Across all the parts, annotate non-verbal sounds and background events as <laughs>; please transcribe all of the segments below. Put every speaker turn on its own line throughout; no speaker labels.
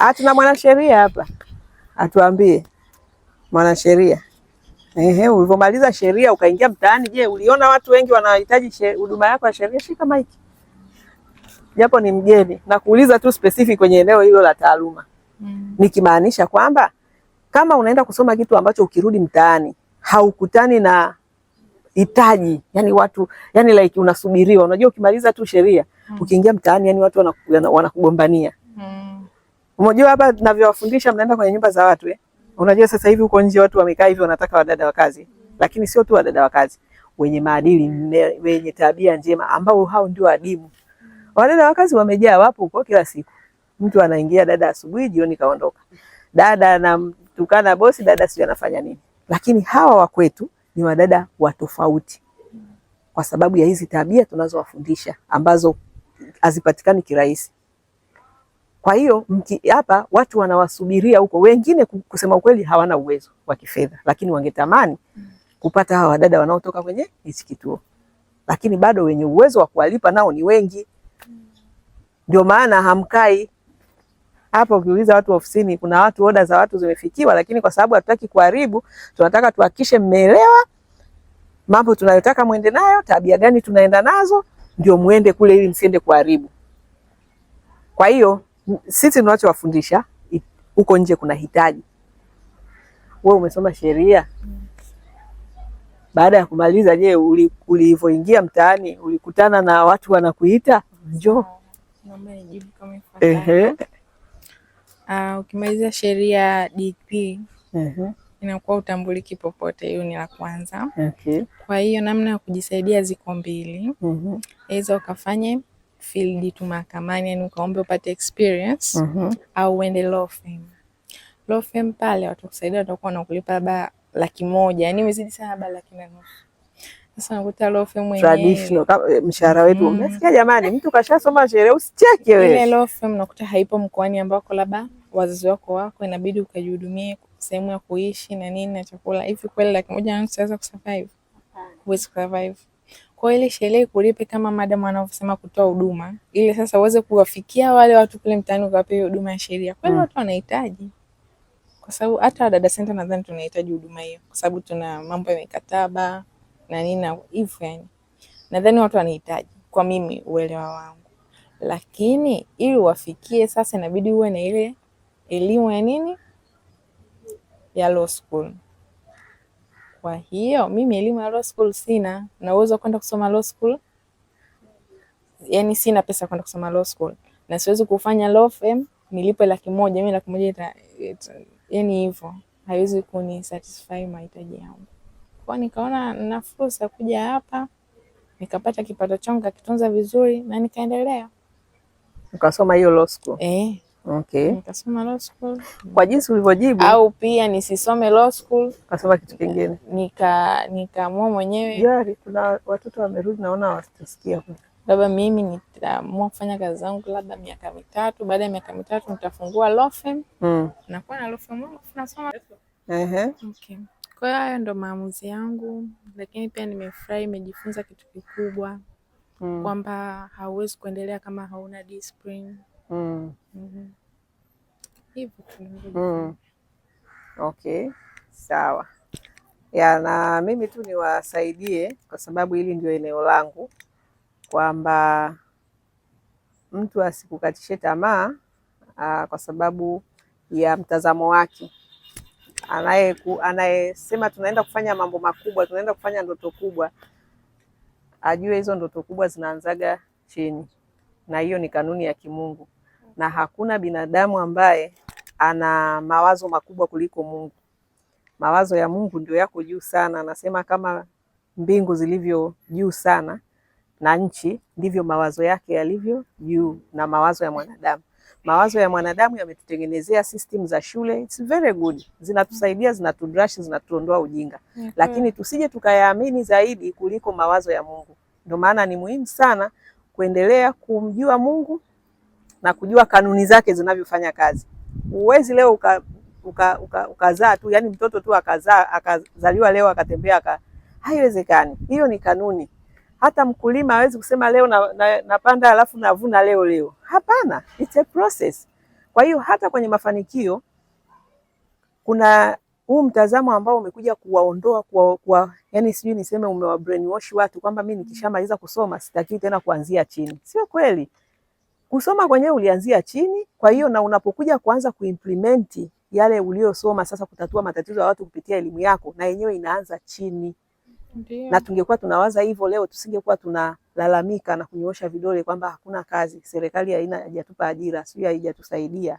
Ah, tuna mwanasheria hapa atuambie. Mwanasheria, ehe, ulivyomaliza sheria ukaingia mtaani, je, uliona watu wengi wanahitaji huduma yako ya sheria? Shika maiki, japo ni mgeni, nakuuliza tu specific kwenye eneo hilo la taaluma mm. Nikimaanisha kwamba kama unaenda kusoma kitu ambacho ukirudi mtaani haukutani na hitaji yani watu yani like unasubiriwa. Unajua, ukimaliza tu sheria mm. ukiingia mtaani yani watu wanakugombania Unajua hapa ninavyowafundisha mnaenda kwenye nyumba za watu eh? Unajua sasa hivi huko nje watu wamekaa hivi wanataka wadada wa kazi. Lakini sio tu wadada wa kazi, wenye maadili, wenye tabia njema ambao hao ndio adimu. Wadada wa kazi wamejaa, wapo huko kila siku. Mtu anaingia dada asubuhi, jioni kaondoka. Dada anamtukana bosi, dada sio anafanya nini. Lakini hawa wa kwetu ni wadada wa tofauti. Kwa sababu ya hizi tabia tunazowafundisha ambazo hazipatikani kirahisi. Kwa hiyo hapa watu wanawasubiria huko, wengine kusema ukweli hawana uwezo wa kifedha, lakini wangetamani kupata hawa wadada wanaotoka kwenye hichi kituo, lakini bado wenye uwezo wa kuwalipa nao ni wengi, ndio maana hamkai hapa. Ukiuliza watu ofisini, kuna watu oda za watu zimefikiwa, lakini kwa sababu hatutaki kuharibu, tunataka tuhakikishe mmeelewa mambo tunayotaka mwende nayo, tabia gani tunaenda nazo, ndio muende kule, ili msiende kuharibu. Kwa hiyo sisi tunachowafundisha huko nje kuna hitaji. Wewe umesoma sheria, baada ya kumaliza, je, ulivyoingia mtaani ulikutana na watu wanakuita njoo?
Ehe. Uh, ukimaliza sheria DP uh-huh. Inakuwa utambuliki popote, hiyo ni la kwanza. Okay. Kwa hiyo namna ya kujisaidia ziko mbili, aweza ukafanye field tu mahakamani, yani ukaombe upate experience mm -hmm. au uende law firm. Law firm pale watakusaidia, watakuwa wanakulipa labda laki moja, yani imezidi sana, labda laki na nusu. Sasa nakuta law firm yenyewe
traditional eh, mshahara wetu mm. umesikia, jamani, mtu kashasoma sheria usicheke wewe. Ile
law firm nakuta haipo mkoani ambako labda wazazi wako wako, inabidi ukajihudumie sehemu ya kuishi na nini na chakula. Hivi kweli laki moja na nusu utaweza kusurvive? Huwezi kusurvive. Kwa ile sherehe kulipe kama madam wanavyosema kutoa huduma, ili sasa uweze kuwafikia wale watu kule mtaani ukawape huduma ya sheria. Kwa hiyo mm. watu wanahitaji. Kwa sababu hata Wadada Center nadhani tunahitaji huduma hiyo kwa sababu tuna mambo ya mikataba na nini na hivyo yani. Nadhani watu wanahitaji kwa mimi uelewa wangu. Lakini ili wafikie sasa inabidi uwe na ile elimu ya nini? Ya law school. Kwa hiyo mimi elimu ya law school sina na uwezo kwenda kusoma law school, yani sina pesa kwenda kusoma law school na siwezi kufanya law firm nilipe laki moja mimi laki moja yani hivyo haiwezi satisfy mahitaji yangu. Kwa nikaona na fursa kuja hapa nikapata kipato changu kakitunza vizuri na nikaendelea
Ukasoma hiyo law school eh. Okay.
Nikasoma law school.
Kwa jinsi ulivyojibu
au pia nisisome law school.
Kasoma kitu kingine.
Nika nikaamua mwenyewe.
Jari kuna watoto wamerudi naona wasitasikia.
Labda mimi nitaamua kufanya kazi zangu labda miaka mitatu, baada ya miaka mitatu nitafungua law firm. Mm. kwa na law firm nasoma. Ehe. Okay. Kwa hiyo hayo ndo maamuzi yangu, lakini pia nimefurahi, nimejifunza kitu kikubwa mm. kwamba hauwezi kuendelea kama hauna discipline. Mm. Mm -hmm. Mhm hivyo mm.
Okay, sawa ya na mimi tu niwasaidie kwa sababu hili ndio eneo langu, kwamba mtu asikukatishe tamaa ah, kwa sababu ya mtazamo wake. Anaye anayesema tunaenda kufanya mambo makubwa, tunaenda kufanya ndoto kubwa, ajue hizo ndoto kubwa zinaanzaga chini, na hiyo ni kanuni ya Kimungu, na hakuna binadamu ambaye ana mawazo makubwa kuliko Mungu. Mawazo ya Mungu ndio yako juu sana, anasema kama mbingu zilivyo juu sana na nchi, ndivyo mawazo yake yalivyo juu na mawazo ya mwanadamu. Mawazo ya mwanadamu yametutengenezea system za shule, it's very good, zinatusaidia, zinatudrush, zinatuondoa ujinga mm -hmm. Lakini tusije tukayaamini zaidi kuliko mawazo ya Mungu. Ndio maana ni muhimu sana kuendelea kumjua Mungu na kujua kanuni zake zinavyofanya kazi. Uwezi leo ukazaa uka, uka, ukazaa tu yani mtoto tu akazaa akazaliwa leo akatembea aka, haiwezekani. Hiyo ni kanuni. Hata mkulima hawezi kusema leo na, na, napanda alafu navuna leo leo. Hapana, it's a process. Kwa hiyo hata kwenye mafanikio kuna huu mtazamo ambao umekuja kuwaondoa kwa, kwa yani sijui niseme umewa brainwash watu kwamba mimi nikishamaliza kusoma sitakiwi tena kuanzia chini. Sio kweli. Kusoma kwenyewe ulianzia chini, kwa hiyo na unapokuja kuanza kuimplement yale uliyosoma sasa kutatua matatizo ya watu kupitia elimu yako, na yenyewe inaanza chini. Ndiyo. Na tungekuwa tunawaza hivyo leo tusingekuwa tunalalamika na kunyoosha vidole kwamba hakuna kazi, serikali haina haijatupa ajira, sio haijatusaidia.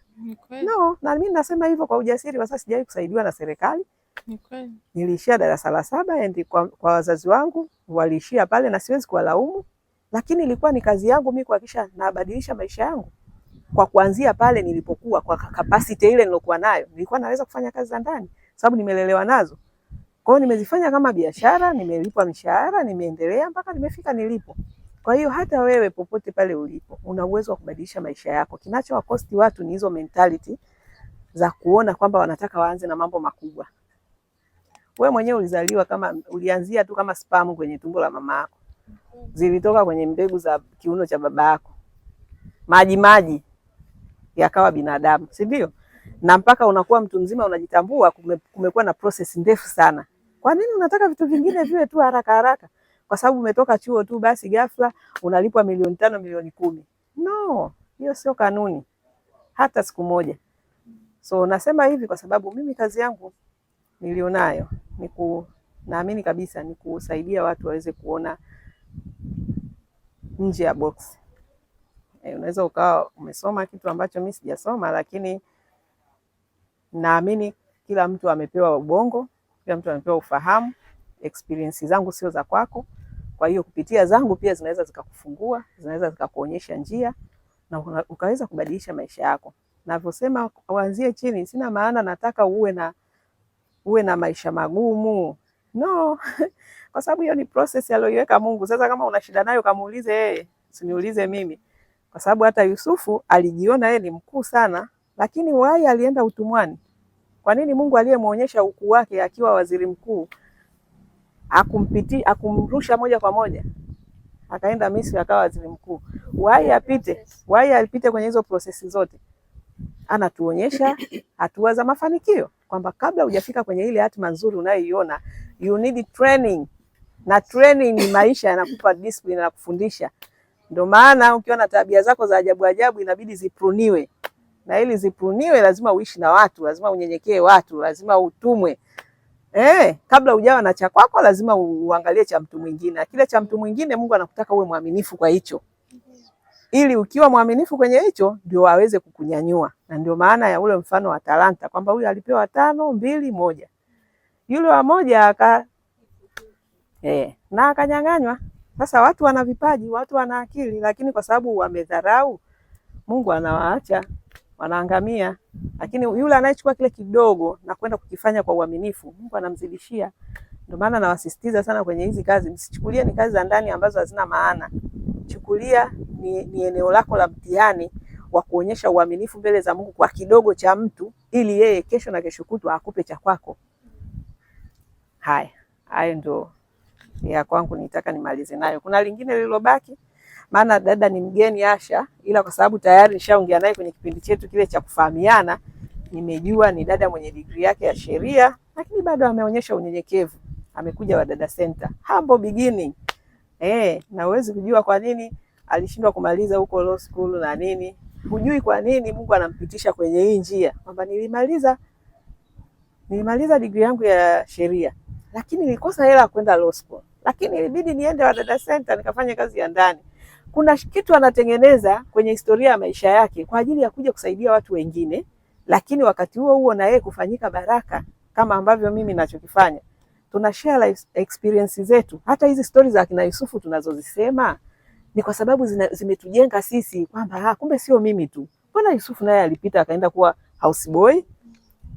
No, na mimi nasema hivyo kwa ujasiri, sasa sijawahi kusaidiwa na serikali. Okay. Niliishia darasa la saba endi kwa, kwa wazazi wangu waliishia pale na siwezi kuwalaumu lakini ilikuwa ni kazi yangu mimi kuhakikisha nabadilisha maisha yangu kwa kuanzia pale nilipokuwa, kwa capacity ile nilokuwa nayo, nilikuwa naweza kufanya kazi za ndani sababu nimelelewa nazo. Kwa hiyo nimezifanya kama biashara, nimelipwa mshahara, nimeendelea mpaka nimefika nilipo. Kwa hiyo hata wewe popote pale ulipo, una uwezo wa kubadilisha maisha yako. Kinachowakosti watu ni hizo mentality za kuona kwamba wanataka waanze na mambo makubwa. Wewe mwenyewe ulizaliwa kama ulianzia tu kama spam kwenye tumbo la mama yako zilitoka kwenye mbegu za kiuno cha baba yako, maji maji yakawa binadamu, si ndio? Na mpaka unakuwa mtu mzima unajitambua, kume, kumekuwa na process ndefu sana. Kwa nini unataka vitu vingine viwe tu haraka haraka? Kwa sababu umetoka chuo tu basi ghafla unalipwa milioni tano milioni kumi? No, hiyo sio kanuni hata siku moja. So nasema hivi kwa sababu mimi kazi yangu nilionayo ni ku naamini kabisa ni kusaidia watu waweze kuona nje ya box. E, unaweza ukawa umesoma kitu ambacho mimi sijasoma, lakini naamini kila mtu amepewa ubongo, kila mtu amepewa ufahamu. Experience zangu sio za kwako, kwa hiyo kupitia zangu pia zinaweza zikakufungua, zinaweza zikakuonyesha njia na ukaweza kubadilisha maisha yako. Navyosema uanzie chini, sina maana nataka uwe na uwe na maisha magumu. No, <laughs> kwa sababu hiyo ni process aliyoiweka Mungu. Sasa kama una shida nayo kamuulize yeye, usiniulize mimi, kwa sababu hata Yusufu alijiona yeye ni mkuu sana, lakini wai alienda utumwani. Kwa nini Mungu aliyemwonyesha ukuu wake akiwa waziri mkuu akumpiti akumrusha moja kwa moja akaenda Misri akawa waziri mkuu? Wai apite, wai alipite kwenye hizo prosesi zote, anatuonyesha hatua za mafanikio kwamba kabla hujafika kwenye ile hatima nzuri unayoiona you need training, na training ni maisha yanakupa discipline na kufundisha. Ndio maana ukiona tabia zako za ajabu ajabu inabidi zipruniwe, na ili zipruniwe lazima uishi na watu, lazima unyenyekee watu, lazima utumwe Eh, kabla hujawa na cha kwako lazima uangalie cha mtu mwingine, kile cha mtu mwingine Mungu anakutaka uwe mwaminifu kwa hicho ili ukiwa mwaminifu kwenye hicho ndio waweze kukunyanyua. Na ndio maana ya ule mfano wa talanta kwamba huyu alipewa tano, mbili, moja, yule wa moja aka eh, na akanyang'anywa. Sasa watu wana vipaji, watu wana akili, lakini kwa sababu wamedharau Mungu anawaacha wanaangamia. Lakini yule anayechukua kile kidogo na kwenda kukifanya kwa uaminifu, Mungu anamzidishia. Ndio maana nawasisitiza sana kwenye hizi kazi, msichukulie ni kazi za ndani ambazo hazina maana kulichukulia ni, ni eneo lako la mtihani wa kuonyesha uaminifu mbele za Mungu kwa kidogo cha mtu, ili yeye kesho na kesho kutwa akupe cha kwako. Haya, hayo ndio ya kwangu, nitaka nimalize nayo. Kuna lingine lililobaki, maana dada ni mgeni Asha, ila kwa sababu tayari nishaongea naye kwenye kipindi chetu kile cha kufahamiana, nimejua ni dada mwenye digrii yake ya sheria, lakini bado ameonyesha unyenyekevu. Amekuja Wadada Center, humble beginning eh, na huwezi kujua kwa nini alishindwa kumaliza huko law school na nini, hujui kwa nini Mungu anampitisha kwenye hii njia, kwamba nilimaliza nilimaliza degree yangu ya sheria, lakini nilikosa hela kwenda law school, lakini ilibidi niende Wadada Center nikafanye kazi ya ndani. Kuna kitu anatengeneza kwenye historia ya maisha yake kwa ajili ya kuja kusaidia watu wengine, lakini wakati huo huo na yeye kufanyika baraka kama ambavyo mimi nachokifanya tuna share experience zetu. Hata hizi stori za kina Yusufu tunazozisema ni kwa sababu zimetujenga sisi kwamba ah, kumbe sio mimi tu. Mbona Yusufu naye alipita akaenda kuwa houseboy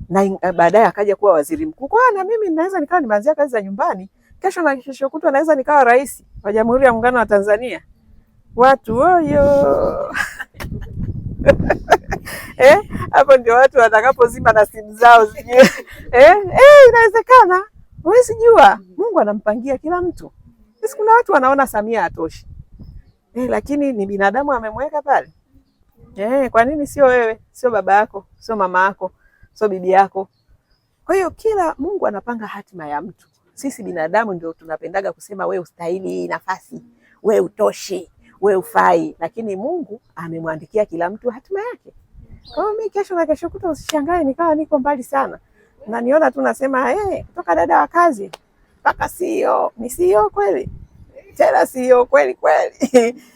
na eh, baadaye akaja kuwa waziri mkuu, kwa na mimi naweza nikawa nimeanzia kazi za nyumbani, kesho na kesho kutwa naweza nikawa rais wa Jamhuri ya Muungano wa Tanzania. Watu oyo <laughs> eh, hapo ndio watu watakapozima na simu zao eh, eh, inawezekana. Huwezi jua, Mungu anampangia kila mtu. Sisi kuna watu wanaona Samia atoshi eh, lakini ni binadamu amemweka pale eh. Kwa nini sio wewe, sio baba yako, sio mama yako, sio bibi yako? Kwa hiyo kila Mungu anapanga hatima ya mtu. Sisi binadamu ndio tunapendaga kusema we ustahili hii nafasi, we utoshi, we ufai, lakini Mungu amemwandikia kila mtu hatima yake. Kwa hiyo mimi kesho na kesho kuta, usishangae nikawa niko mbali sana naniona tu nasema hey, eh, kutoka dada wa kazi mpaka CEO ni CEO kweli tena, CEO kweli kweli <laughs>